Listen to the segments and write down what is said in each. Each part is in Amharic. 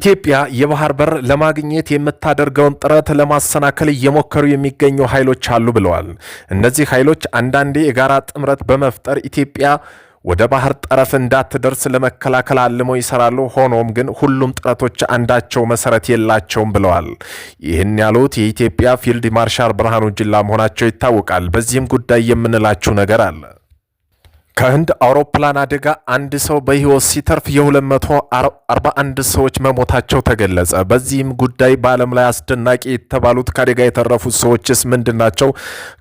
ኢትዮጵያ የባህር በር ለማግኘት የምታደርገውን ጥረት ለማሰናከል እየሞከሩ የሚገኙ ኃይሎች አሉ ብለዋል። እነዚህ ኃይሎች አንዳንዴ የጋራ ጥምረት በመፍጠር ኢትዮጵያ ወደ ባህር ጠረፍ እንዳትደርስ ለመከላከል አልመው ይሰራሉ። ሆኖም ግን ሁሉም ጥረቶች አንዳቸው መሰረት የላቸውም ብለዋል። ይህን ያሉት የኢትዮጵያ ፊልድ ማርሻል ብርሃኑ ጅላ መሆናቸው ይታወቃል። በዚህም ጉዳይ የምንላችሁ ነገር አለ ከህንድ አውሮፕላን አደጋ አንድ ሰው በህይወት ሲተርፍ የ241 ሰዎች መሞታቸው ተገለጸ። በዚህም ጉዳይ በዓለም ላይ አስደናቂ የተባሉት ከአደጋ የተረፉት ሰዎችስ ምንድን ናቸው?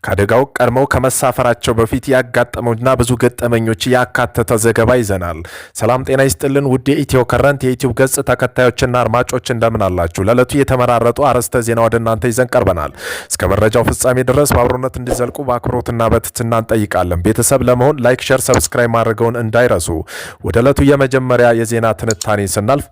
ከአደጋው ቀድመው ከመሳፈራቸው በፊት ያጋጠመውና ብዙ ገጠመኞች ያካተተ ዘገባ ይዘናል። ሰላም ጤና ይስጥልን ውድ የኢትዮ ከረንት የዩቲዩብ ገጽ ተከታዮችና አድማጮች እንደምን አላችሁ? ለዕለቱ የተመራረጡ አርዕስተ ዜና ወደ እናንተ ይዘን ቀርበናል። እስከ መረጃው ፍጻሜ ድረስ በአብሮነት እንዲዘልቁ በአክብሮትና በትትና እንጠይቃለን። ቤተሰብ ለመሆን ላይክ ሸር ሰብስክራይብ ማድረገውን እንዳይረሱ። ወደ ዕለቱ የመጀመሪያ የዜና ትንታኔ ስናልፍ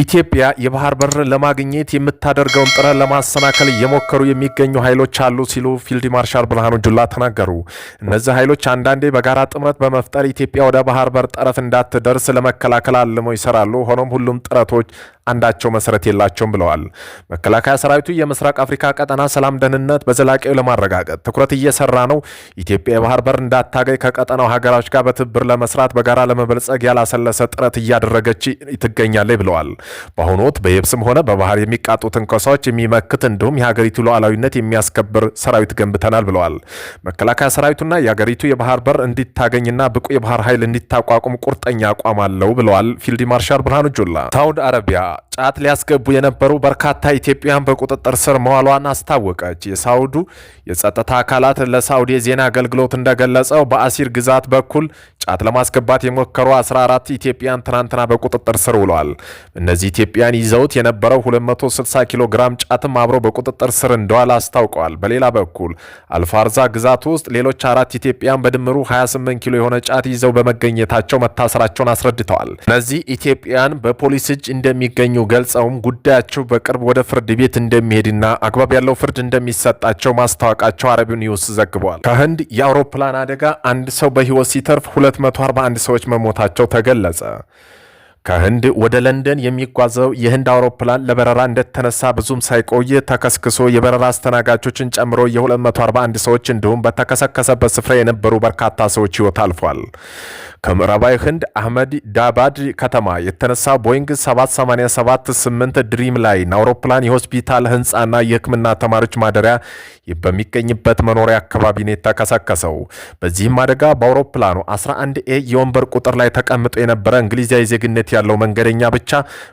ኢትዮጵያ የባህር በር ለማግኘት የምታደርገውን ጥረት ለማሰናከል እየሞከሩ የሚገኙ ኃይሎች አሉ ሲሉ ፊልድ ማርሻል ብርሃኑ ጁላ ተናገሩ። እነዚህ ኃይሎች አንዳንዴ በጋራ ጥምረት በመፍጠር ኢትዮጵያ ወደ ባህር በር ጠረፍ እንዳትደርስ ለመከላከል አልመው ይሰራሉ። ሆኖም ሁሉም ጥረቶች አንዳቸው መሰረት የላቸውም ብለዋል። መከላከያ ሰራዊቱ የምስራቅ አፍሪካ ቀጠና ሰላም፣ ደህንነት በዘላቂው ለማረጋገጥ ትኩረት እየሰራ ነው። ኢትዮጵያ የባህር በር እንዳታገኝ ከቀጠናው ሀገራች ጋር በትብብር ለመስራት በጋራ ለመበልጸግ ያላሰለሰ ጥረት እያደረገች ትገኛለች ብለዋል። በአሁኑ ወቅት በየብስም ሆነ በባህር የሚቃጡ ትንኮሳዎች የሚመክት እንዲሁም የሀገሪቱ ሉዓላዊነት የሚያስከብር ሰራዊት ገንብተናል ብለዋል። መከላከያ ሰራዊቱና የሀገሪቱ የባህር በር እንዲታገኝና ብቁ የባህር ኃይል እንዲታቋቁም ቁርጠኛ አቋም አለው ብለዋል። ፊልድ ማርሻል ብርሃኑ ጁላ ሳውድ አረቢያ ጫት ሊያስገቡ የነበሩ በርካታ ኢትዮጵያውያን በቁጥጥር ስር መዋሏን አስታወቀች። የሳውዱ የጸጥታ አካላት ለሳውዲ የዜና አገልግሎት እንደገለጸው በአሲር ግዛት በኩል ጫት ለማስገባት የሞከሩ 14 ኢትዮጵያን ትናንትና በቁጥጥር ስር ውለዋል። እነዚህ ኢትዮጵያን ይዘውት የነበረው 260 ኪሎ ግራም ጫትም አብረው በቁጥጥር ስር እንደዋል አስታውቀዋል። በሌላ በኩል አልፋርዛ ግዛት ውስጥ ሌሎች አራት ኢትዮጵያን በድምሩ 28 ኪሎ የሆነ ጫት ይዘው በመገኘታቸው መታሰራቸውን አስረድተዋል። እነዚህ ኢትዮጵያን በፖሊስ እጅ እንደሚገኙ ገልጸውም ጉዳያቸው በቅርብ ወደ ፍርድ ቤት እንደሚሄድና አግባብ ያለው ፍርድ እንደሚሰጣቸው ማስታወቃቸው አረቢው ኒውስ ዘግቧል። ከህንድ የአውሮፕላን አደጋ አንድ ሰው በህይወት ሲተርፍ ሁለት 241 ሰዎች መሞታቸው ተገለጸ። ከህንድ ወደ ለንደን የሚጓዘው የህንድ አውሮፕላን ለበረራ እንደተነሳ ብዙም ሳይቆይ ተከስክሶ የበረራ አስተናጋጆችን ጨምሮ የ241 ሰዎች እንዲሁም በተከሰከሰበት ስፍራ የነበሩ በርካታ ሰዎች ህይወት አልፏል። ከምዕራባዊ ህንድ አህመድ ዳባድ ከተማ የተነሳ ቦይንግ 787-8 ድሪም ላይ አውሮፕላን የሆስፒታል ህንፃና የህክምና ተማሪዎች ማደሪያ በሚገኝበት መኖሪያ አካባቢ ነው የተከሰከሰው። በዚህም አደጋ በአውሮፕላኑ 11 ኤ የወንበር ቁጥር ላይ ተቀምጦ የነበረ እንግሊዛዊ ዜግነት ያለው መንገደኛ ብቻ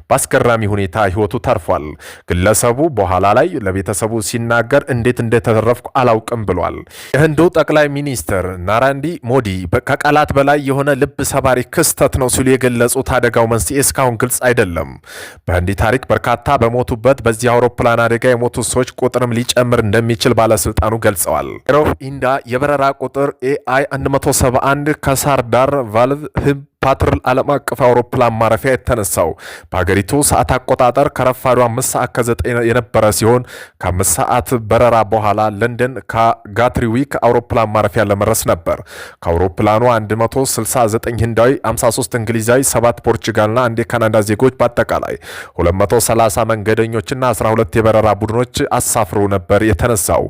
በአስገራሚ ሁኔታ ህይወቱ ተርፏል። ግለሰቡ በኋላ ላይ ለቤተሰቡ ሲናገር እንዴት እንደተረፍኩ አላውቅም ብሏል። የህንዱ ጠቅላይ ሚኒስትር ናራንዲ ሞዲ ከቃላት በላይ የሆነ ልብ ሰባሪ ክስተት ነው ሲሉ የገለጹት አደጋው መንስኤ እስካሁን ግልጽ አይደለም። በህንዲ ታሪክ በርካታ በሞቱበት በዚህ አውሮፕላን አደጋ የሞቱ ሰዎች ቁጥርም ሊጨምር እንደሚችል ባለስልጣኑ ገልጸዋል። ኤሮፍ ኢንዳ የበረራ ቁጥር ኤአይ 171 ከሳርዳር ቫልቭ ህብ ፓትርል ዓለም አቀፍ አውሮፕላን ማረፊያ የተነሳው በሀገሪቱ ሰዓት አቆጣጠር ከረፋዱ አምስት ሰዓት ከዘጠኝ የነበረ ሲሆን ከአምስት ሰዓት በረራ በኋላ ለንደን ከጋትሪዊክ አውሮፕላን ማረፊያ ለመድረስ ነበር። ከአውሮፕላኑ 169 ህንዳዊ፣ 53 እንግሊዛዊ፣ 7 ፖርቹጋልና አንድ የካናዳ ዜጎች በአጠቃላይ 230 መንገደኞችና 12 የበረራ ቡድኖች አሳፍሮ ነበር የተነሳው።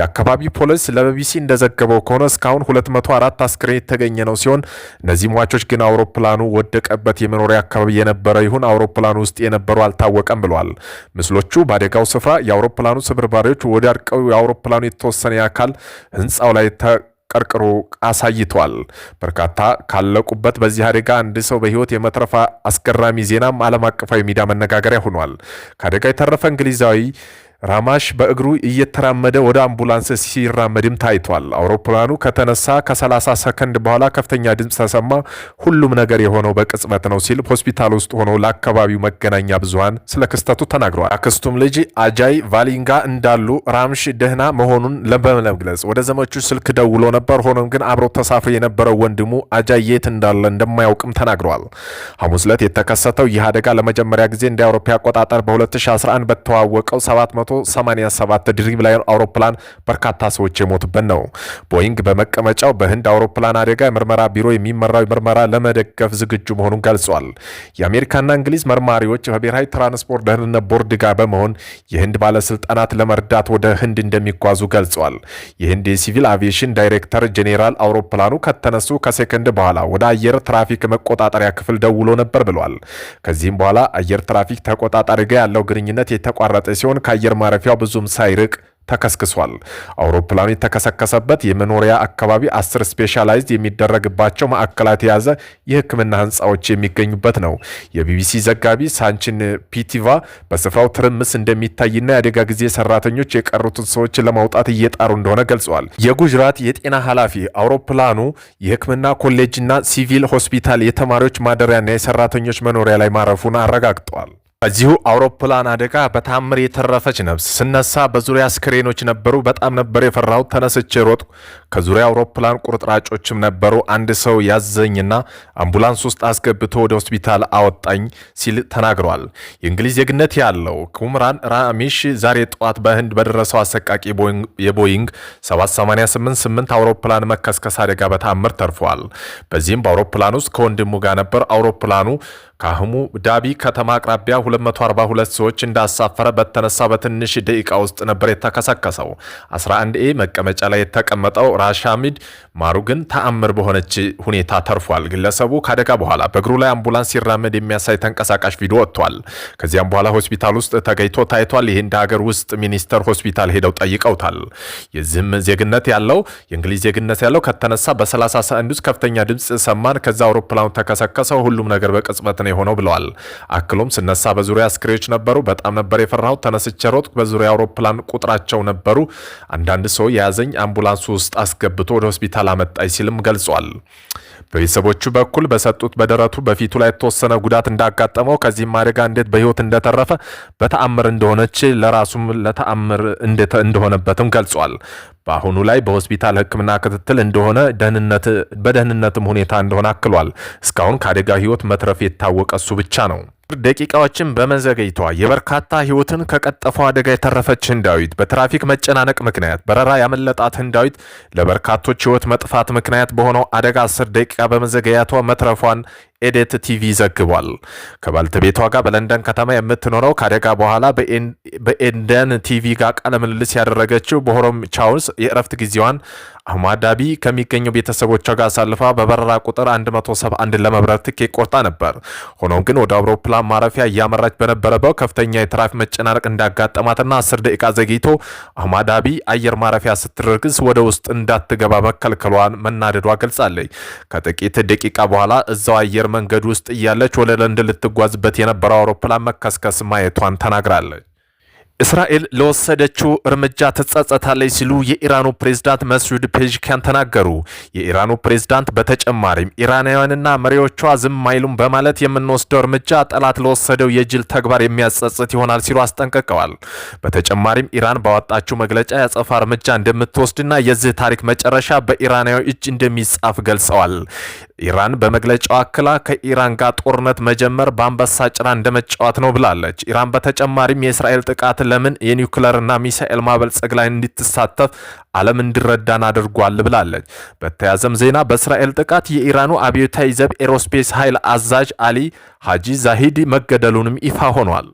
የአካባቢ ፖሊስ ለቢቢሲ እንደዘገበው ከሆነ እስካሁን 204 አስክሬን የተገኘ ነው ሲሆን እነዚህ ሟቾች ግን አውሮፕላኑ ወደቀበት የመኖሪያ አካባቢ የነበረ ይሁን አውሮፕላኑ ውስጥ የነበሩ አልታወቀም ብለዋል። ምስሎቹ በአደጋው ስፍራ የአውሮፕላኑ ስብርባሪዎች ወዳድቀው የአውሮፕላኑ የተወሰነ የአካል ህንፃው ላይ ቀርቅሮ አሳይቷል። በርካታ ካለቁበት በዚህ አደጋ አንድ ሰው በህይወት የመትረፍ አስገራሚ ዜናም ዓለም አቀፋዊ ሚዲያ መነጋገሪያ ሆኗል። ከአደጋ የተረፈ እንግሊዛዊ ራማሽ በእግሩ እየተራመደ ወደ አምቡላንስ ሲራመድም ታይቷል። አውሮፕላኑ ከተነሳ ከ30 ሰከንድ በኋላ ከፍተኛ ድምፅ ተሰማ። ሁሉም ነገር የሆነው በቅጽበት ነው ሲል ሆስፒታል ውስጥ ሆኖ ለአካባቢው መገናኛ ብዙሃን ስለ ክስተቱ ተናግረዋል። አክስቱም ልጅ አጃይ ቫሊንጋ እንዳሉ ራምሽ ደህና መሆኑን ለመግለጽ ወደ ዘመቹ ስልክ ደውሎ ነበር። ሆኖም ግን አብሮ ተሳፍሮ የነበረው ወንድሙ አጃይ የት እንዳለ እንደማያውቅም ተናግረዋል። ሐሙስ ዕለት የተከሰተው ይህ አደጋ ለመጀመሪያ ጊዜ እንደ አውሮፓ አቆጣጠር በ2011 በተዋወቀው 7 187 ድሪምላይነር አውሮፕላን በርካታ ሰዎች የሞቱበት ነው። ቦይንግ በመቀመጫው በህንድ አውሮፕላን አደጋ ምርመራ ቢሮ የሚመራው ምርመራ ለመደገፍ ዝግጁ መሆኑን ገልጿል። የአሜሪካና እንግሊዝ መርማሪዎች በብሔራዊ ትራንስፖርት ደህንነት ቦርድ ጋር በመሆን የህንድ ባለስልጣናት ለመርዳት ወደ ህንድ እንደሚጓዙ ገልጿል። የህንድ የሲቪል አቪዬሽን ዳይሬክተር ጄኔራል አውሮፕላኑ ከተነሱ ከሴከንድ በኋላ ወደ አየር ትራፊክ መቆጣጠሪያ ክፍል ደውሎ ነበር ብሏል። ከዚህም በኋላ አየር ትራፊክ ተቆጣጣሪ ጋር ያለው ግንኙነት የተቋረጠ ሲሆን ከአየር ማረፊያው ብዙም ሳይርቅ ተከስክሷል። አውሮፕላኑ የተከሰከሰበት የመኖሪያ አካባቢ አስር ስፔሻላይዝድ የሚደረግባቸው ማዕከላት የያዘ የሕክምና ህንፃዎች የሚገኙበት ነው። የቢቢሲ ዘጋቢ ሳንቺን ፒቲቫ በስፍራው ትርምስ እንደሚታይና የአደጋ ጊዜ ሰራተኞች የቀሩትን ሰዎች ለማውጣት እየጣሩ እንደሆነ ገልጸዋል። የጉጅራት የጤና ኃላፊ አውሮፕላኑ የሕክምና ኮሌጅና ሲቪል ሆስፒታል የተማሪዎች ማደሪያና የሰራተኞች መኖሪያ ላይ ማረፉን አረጋግጠዋል። እዚሁ አውሮፕላን አደጋ በታምር የተረፈች ነፍስ። ስነሳ በዙሪያ አስክሬኖች ነበሩ። በጣም ነበር የፈራሁት። ተነስቼ ሮጥኩ። ከዙሪያ አውሮፕላን ቁርጥራጮችም ነበሩ። አንድ ሰው ያዘኝና አምቡላንስ ውስጥ አስገብቶ ወደ ሆስፒታል አወጣኝ ሲል ተናግሯል። የእንግሊዝ ዜግነት ያለው ኩምራን ራሚሽ ዛሬ ጠዋት በህንድ በደረሰው አሰቃቂ የቦይንግ 7888 አውሮፕላን መከስከስ አደጋ በታምር ተርፏል። በዚህም በአውሮፕላን ውስጥ ከወንድሙ ጋር ነበር። አውሮፕላኑ ካህሙ ዳቢ ከተማ አቅራቢያ 242 ሰዎች እንዳሳፈረ በተነሳ በትንሽ ደቂቃ ውስጥ ነበር የተከሰከሰው። 11 ኤ መቀመጫ ላይ የተቀመጠው ራሻሚድ ማሩ ግን ተአምር በሆነች ሁኔታ ተርፏል። ግለሰቡ ከአደጋ በኋላ በእግሩ ላይ አምቡላንስ ሲራመድ የሚያሳይ ተንቀሳቃሽ ቪዲዮ ወጥቷል። ከዚያም በኋላ ሆስፒታል ውስጥ ተገኝቶ ታይቷል። ይህ እንደ ሀገር ውስጥ ሚኒስተር ሆስፒታል ሄደው ጠይቀውታል። የዚህም ዜግነት ያለው የእንግሊዝ ዜግነት ያለው ከተነሳ በ30 ሰዓት ውስጥ ከፍተኛ ድምፅ ሰማን። ከዛ አውሮፕላኑ ተከሰከሰው። ሁሉም ነገር በቅጽበት ነው ሆነው ብለዋል። አክሎም ስነሳ በዙሪያ አስክሬዎች ነበሩ። በጣም ነበር የፈራው። ተነስቼ ሮጥኩ። በዙሪያ አውሮፕላን ቁጥራቸው ነበሩ። አንዳንድ ሰው የያዘኝ አምቡላንሱ ውስጥ አስገብቶ ወደ ሆስፒታል አመጣኝ ሲልም ገልጿል። በቤተሰቦቹ በኩል በሰጡት በደረቱ በፊቱ ላይ የተወሰነ ጉዳት እንዳጋጠመው ከዚህም አደጋ እንዴት በህይወት እንደተረፈ በተአምር እንደሆነች ለራሱም ለተአምር እንደሆነበትም ገልጿል። በአሁኑ ላይ በሆስፒታል ሕክምና ክትትል እንደሆነ በደህንነትም ሁኔታ እንደሆነ አክሏል። እስካሁን ከአደጋ ህይወት መትረፍ የታወቀ እሱ ብቻ ነው። ደቂቃዎችን በመዘገይቷ የበርካታ ህይወትን ከቀጠፈው አደጋ የተረፈች ህንዳዊት በትራፊክ መጨናነቅ ምክንያት በረራ ያመለጣት ህንዳዊት ለበርካቶች ህይወት መጥፋት ምክንያት በሆነው አደጋ አስር ደቂቃ በመዘገያቷ መትረፏን ኤዴት ቲቪ ዘግቧል። ከባልተቤቷ ጋር በለንደን ከተማ የምትኖረው ከአደጋ በኋላ በኤንደን ቲቪ ጋር ቃለ ምልልስ ያደረገችው በሆሮም ቻውስ የእረፍት ጊዜዋን አህማዳቢ ከሚገኙ ቤተሰቦቿ ጋር አሳልፋ በበረራ ቁጥር 171 ለመብረር ትኬት ቆርጣ ነበር። ሆኖም ግን ወደ አውሮፕላን ማረፊያ እያመራች በነበረበው ከፍተኛ የትራፊክ መጨናነቅ እንዳጋጠማትና 10 ደቂቃ ዘግይቶ አቡዳቢ አየር ማረፊያ ስትደርግስ ወደ ውስጥ እንዳትገባ መከልከሏን መናደዷ ገልጻለች። ከጥቂት ደቂቃ በኋላ እዛው አየር መንገድ ውስጥ እያለች ወደ ለንደን ልትጓዝበት የነበረው አውሮፕላን መከስከስ ማየቷን ተናግራለች። እስራኤል ለወሰደችው እርምጃ ትጸጸታለች ሲሉ የኢራኑ ፕሬዝዳንት መስዑድ ፔዥኪያን ተናገሩ። የኢራኑ ፕሬዝዳንት በተጨማሪም ኢራናውያንና መሪዎቿ ዝም አይሉም በማለት የምንወስደው እርምጃ ጠላት ለወሰደው የጅል ተግባር የሚያጸጽት ይሆናል ሲሉ አስጠንቅቀዋል። በተጨማሪም ኢራን ባወጣችው መግለጫ ያጸፋ እርምጃ እንደምትወስድና የዚህ ታሪክ መጨረሻ በኢራናዊ እጅ እንደሚጻፍ ገልጸዋል። ኢራን በመግለጫው አክላ ከኢራን ጋር ጦርነት መጀመር በአንበሳ ጭራ እንደመጫወት ነው ብላለች። ኢራን በተጨማሪም የእስራኤል ጥቃት ለምን የኒውክለርና ሚሳኤል ማበልጸግ ላይ እንድትሳተፍ ዓለም እንዲረዳን አድርጓል ብላለች። በተያዘም ዜና በእስራኤል ጥቃት የኢራኑ አብዮታዊ ዘብ ኤሮስፔስ ኃይል አዛዥ አሊ ሀጂ ዛሂድ መገደሉንም ይፋ ሆኗል።